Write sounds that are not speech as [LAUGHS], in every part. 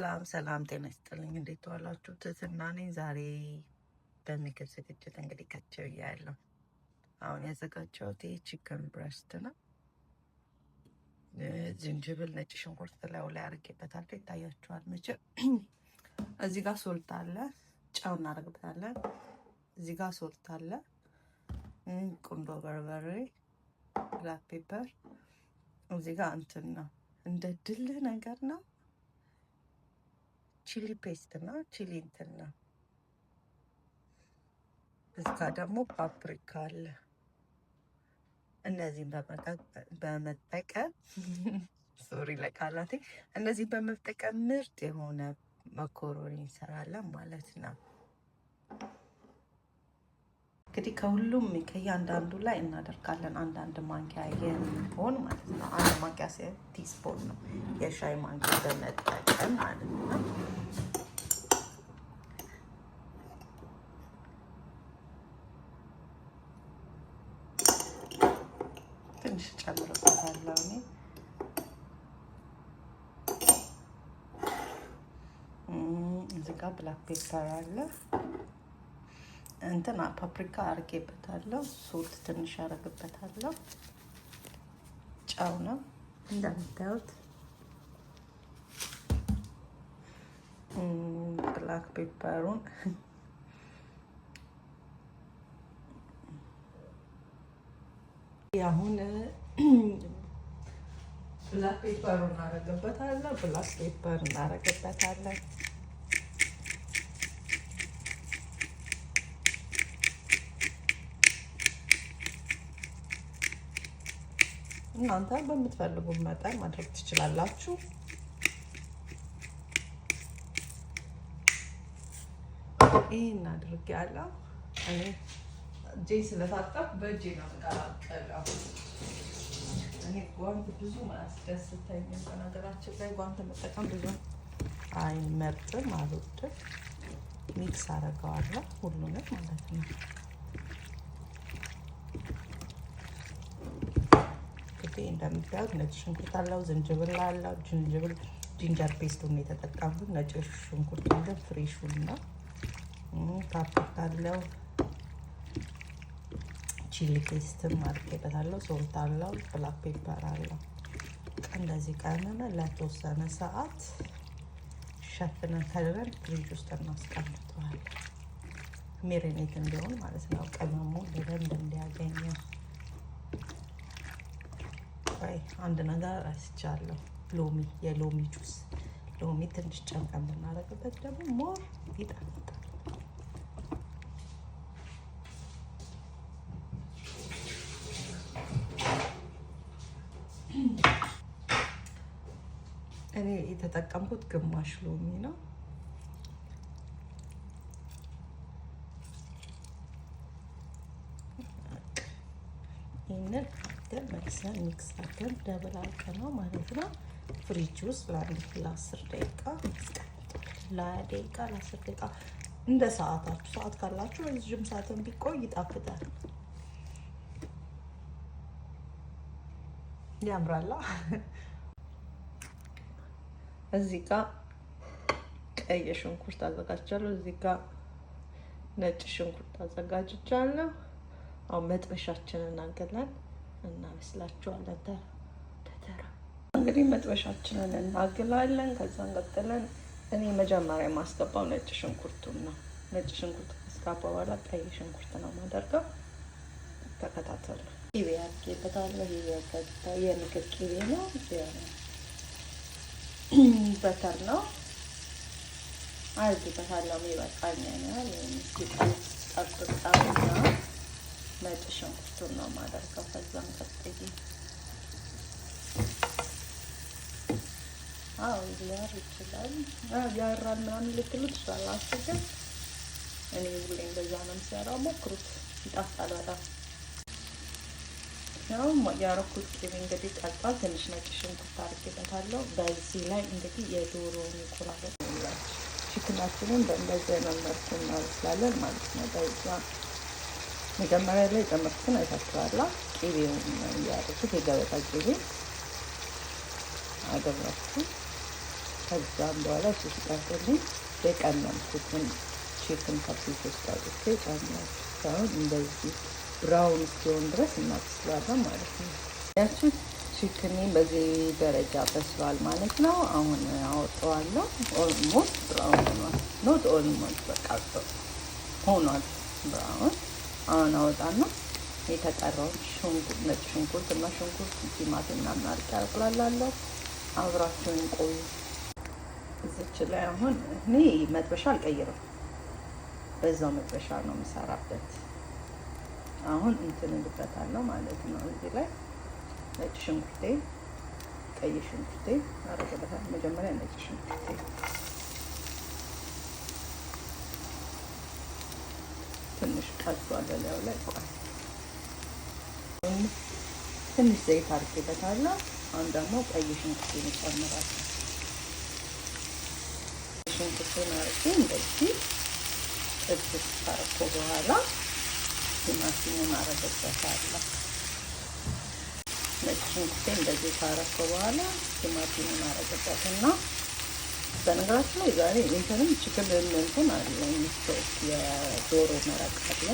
ሰላም ሰላም፣ ጤና ይስጥልኝ። እንዴት ዋላችሁ? ትህትና ነኝ። ዛሬ በምግብ ዝግጅት እንግዲህ ከቸው እያለሁ አሁን ያዘጋጀሁት ቺክን ብረስት ነው። ዝንጅብል፣ ነጭ ሽንኩርት ላይ ላይ አድርጌበታለሁ። ይታያችኋል መቼም። [CLEARS THROAT] እዚህ ጋር ሶልት አለ፣ ጨው እናደርግበታለን። እዚህ ጋር ሶልት አለ፣ ቁንዶ በርበሬ፣ ብላክ ፔፐር። እዚህ ጋር እንትን ነው እንደ ድል ነገር ነው ቺሊ ፔስት እና ቺሊ እንትን ነው። እዛ ደግሞ ፓፕሪካ አለ። እነዚህን በመጠቀም [LAUGHS] ሶሪ ለቃላቴ እነዚህን በመጠቀም ምርጥ የሆነ መኮሮኒ እንሰራለን ማለት ነው። እንግዲህ ከሁሉም ከእያንዳንዱ ላይ እናደርጋለን አንዳንድ ማንኪያ የሚሆን ማለት ነው። አንድ ማንኪያ ቲስፖን ነው የሻይ ማንኪያ በመጠቀም ማለት ነው። ትንሽ ጨምርበታለሁ እኔ እዚህ ጋር ብላክ ፔፐር አለ እንትን ፓፕሪካ አርጌበታለሁ። ሶልት ትንሽ አረግበታለሁ። ጨው ነው እንደምታዩት። ብላክ ፔፐሩን አሁን ብላክ ፔፐሩን አረግበታለሁ። ብላክ ፔፐር እናረግበታለን እናንተ በምትፈልጉ መጠን ማድረግ ትችላላችሁ። ይህን አድርግ ያለው እኔ እጄ ስለታጠብ በእጄ ነው የምቀላቀለው። እኔ ጓንት ብዙ አያስደስተኝ። በነገራችን ላይ ጓንት መጠቀም ብዙ አይመርጥም፣ አልወድም። ሚክስ አደርገዋለሁ ሁሉንም ማለት ነው። እንደምታዩት ነጭ ሽንኩርት አለው፣ ዝንጅብል አለው። ዝንጅብል ጂንጀር ፔስቱን የተጠቀምኩት ነጭ ሽንኩርት አለው፣ ፍሬሹን ነው። ፓፕሪካ አለው፣ ቺሊ ፔስትም አድርጌበታለሁ። ሶልት አለው፣ ብላክ ፔፐር አለው። እንደዚህ ቀመመ ለተወሰነ ሰዓት ሸፍነን ከድረን ፍሪጅ ውስጥ እናስቀምጠዋለን። ሜሪኔት እንዲሆን ማለት ነው። ቅመሙ በደንብ እንዲያገኘው ቆይ አንድ ነገር አስቻለሁ። ሎሚ፣ የሎሚ ጁስ ሎሚ ትንሽ ጨምቀን ብናደርግበት ደግሞ ሞር ይጣፍጣል። እኔ የተጠቀምኩት ግማሽ ሎሚ ነው። ይህንን አድርገን በክሰን ሚክስ አድርገን ደብል አልቀ ነው ማለት ነው ፍሪጅ ውስጥ ለአንድ ለአስር ደቂቃ ለሀያ ደቂቃ ለአስር ደቂቃ እንደ ሰዓታችሁ ሰዓት ካላችሁ ረዥም ሰዓትን ቢቆይ ይጣፍጣል። ያምራላ። እዚህ ጋ ቀይ ሽንኩርት አዘጋጃለሁ። እዚህ ጋ ነጭ ሽንኩርት አዘጋጅቻለሁ። አሁን መጥበሻችንን እናገላለን። እናበስላቸዋለን። ተተራ እንግዲህ መጥበሻችንን እናግላለን። ከዛን ቀጥለን እኔ መጀመሪያ የማስገባው ነጭ ሽንኩርቱን ነው። ነጭ ሽንኩርት ካስገባ በኋላ ቀይ ሽንኩርት ነው ማደርገው። ተከታተሉ። ቅቤ አድርጌበታለሁ። የምግብ ቅቤ ነው፣ በተር ነው አድርጌበታለሁ። ይበቃኛል። ጠብጣ ነጭ ሽንኩርቱን ነው ማደርገው። ከዛም ቀጥዬ አዎ ሊያር ይችላል ያራል ምናምን ልትሉ ትችላላችሁ፣ ግን እኔ ሁሌ እንደዛ ነው የምሰራው። ሞክሩት፣ ይጣፍጣል በጣም ያው ያረኩት ቅቤ እንግዲህ ቀልጧል። ትንሽ ነጭ ሽንኩርት አድርጌበታለሁ። በዚህ ላይ እንግዲህ የዶሮ ቁራረጥ ላችሁ በእንደዚህ አይነት መልኩ እናበስላለን ማለት ነው በዛ መጀመሪያ ላይ ጨምርኩትን አይታችኋላ። ቅቤውን ያደረኩት የገበታ ቅቤ አደረኩ። ከዛም በኋላ እሱ ሲጣፍልኝ የቀመምኩትን ቺክን ከብሴት ውስጥ አውጥቼ ጨመርኩት። እንደዚህ ብራውን እስኪሆን ድረስ እናበስለዋለን ማለት ነው። ያችን ቺክኒ በዚህ ደረጃ በስሏል ማለት ነው። አሁን አወጣዋለሁ። ኦልሞስት ብራውን ሆኗል። ኖት ኦልሞስት በቃ ሆኗል ብራውን አሁን አወጣና የተቀረውን ነጭ ሽንኩርት እና ሽንኩርት ቲማቲም ምናምን አድርጌ አቁላላለሁ። አብራችሁን ቆዩ። እዚች ላይ አሁን እኔ መጥበሻ አልቀይርም፣ በዛው መጥበሻ ነው የምሰራበት። አሁን እንትን እንድበታለሁ ማለት ነው። እዚህ ላይ ነጭ ሽንኩርቴ፣ ቀይ ሽንኩርቴ አረገበታል። መጀመሪያ ነጭ ሽንኩርቴ ትንሽ ቀልቶ በላዩ ላይ ቆይ ትንሽ ዘይት አድርጌበታለሁ። አሁን ደግሞ ቀይ ሽንኩርት እንጨምራለን። ሽንኩርቱን አርጌ እንደዚህ ጥብስ ካረኩ በኋላ ቲማቲሙን አረግበታለሁ። ነጭ ሽንኩርቴ እንደዚህ ካረኩ በኋላ ቲማቲሙን አረግበትና በነገራችን ላይ ዛሬ እንትንም ችግር እንትን ሚስቶች የዶሮ መረቅ አለ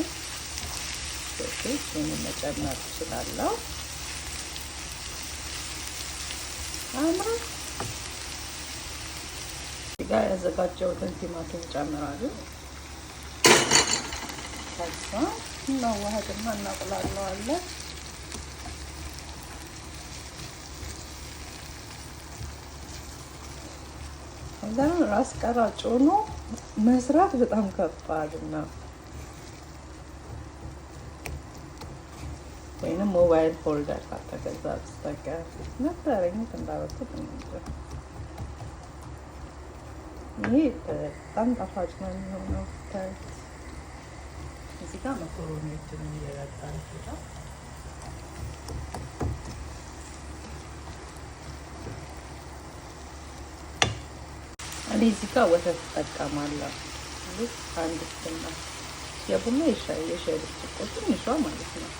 ይህንን መጨመር እችላለሁ። አምራ ጋ ያዘጋጀሁትን ቲማቲም ጨምራሉ። ከዛ እናዋህድና እናቁላለዋለን። ለምን ራስ ቀራጭ ሆኖ መስራት በጣም ከባድ ነው። ወይንም ሞባይል ሆልደር ካልተገዛ በስተቀር ነበረኝ እንዳረኩት ይሄ በጣም ጣፋጭ ነው የሚሆነው። እዚህ ጋር መኮሮኒዎችን እየረጣ ነው እኔ እዚህ ጋር ወተት እጠቀማለሁ። አንድ ስና የቡና የሻይ የሻይ ብርጭቆ ትንሿ ማለት ነው።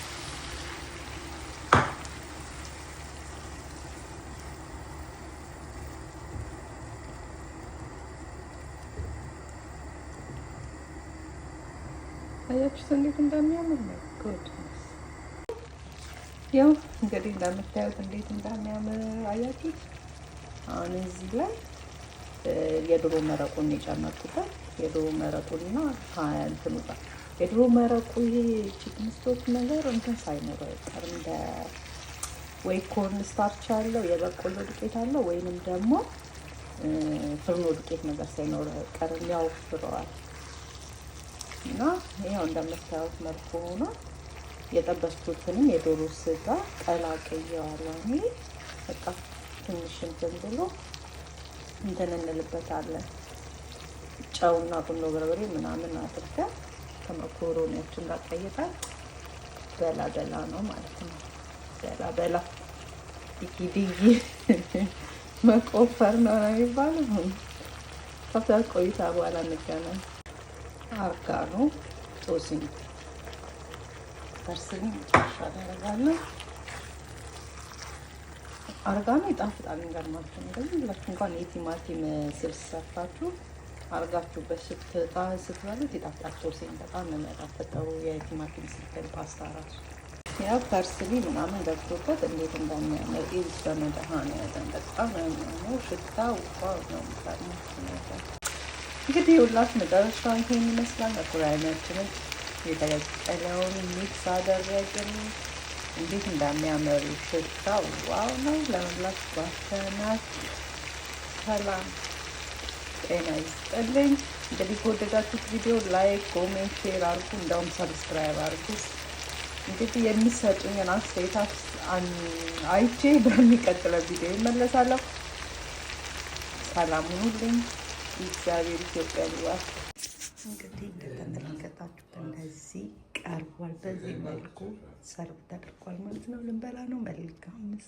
አያችሁት እንዴት እንደሚያምር ነው። ጎድነስ ያው እንግዲህ እንደምታዩት እንዴት እንደሚያምር አያችሁት። አሁን እዚህ ላይ የድሮ መረቁን የጨመርኩበት የድሮ መረቁና እንትኑ ጋር የዶሮ መረቁ ይሄ ቺክን ስቶክ ነገር እንትን ሳይኖረው አይቀርም። እንደ ወይ ኮርን ስታርች አለው የበቆሎ ዱቄት አለው ወይንም ደግሞ ፍርኖ ዱቄት ነገር ሳይኖረው አይቀርም። ያው ፍረዋል እና ይኸው እንደምታዩት መልኩ ሆኖ የጠበስኩትንም የዶሮ ስጋ ቀላቅየዋለሁ። በቃ ትንሽ እንትን ብሎ እንትን እንልበታለን። ጨውና ቁንዶ በርበሬ ምናምን አድርገን ከመኮሮኒያችን ጋር ቀይጠን በላ በላ ነው ማለት ነው። በላ በላ ድጊ ድጊ [LAUGHS] መቆፈር ነው ነው የሚባለው። ከዛ ቆይታ በኋላ እንገናኝ። አርጋኖ ጦስኝ፣ ፐርስሊ ሻ አደርጋለሁ አርጋ ነው ይጣፍጣል። የሚገርማችሁ እንደዚህ ሁላችሁ እንኳን የቲማቲም ስልስ ሰርታችሁ አርጋችሁበት ስትጣ ስትበሉት ይጣፍጣል። ሶሴን በጣም የሚያጣፍጠው የቲማቲም ስልስ ፓስታ ራሱ ያው ፐርስሊ ምናምን ገብቶበት እንዴት እንደሚያምር ኢዝ በመድሃ ያዘን። በጣም የሚያምር ሽታ ውቋ ነው እንግዲህ ሁላት መጨረሻ ይሄን ይመስላል። መኩሪያናችንን የተቀቀለውን ሚክስ አደረግን። እንዴት እንደሚያመሩ ሽታው ዋው ነው። ለመብላት ጓተናት። ሰላም ጤና ይስጥልኝ። እንግዲህ ከወደዳችሁት ቪዲዮ ላይክ፣ ኮሜንት፣ ሼር አርጉ እንደውም ሰብስክራይብ አርጉ እንግዲህ የሚሰጡኝን አስተያየት አይቼ በሚቀጥለው ቪዲዮ ይመለሳለሁ። ሰላም ሁኑልኝ። እግዚአብሔር ኢትዮጵያ ልዋል። እንግዲህ እንደተመለከታችሁ እንደዚህ ቀርቧል። በዚህ መልኩ ሰርብ ተደርጓል ማለት ነው። ልንበላ ነው። መልካም ምሳ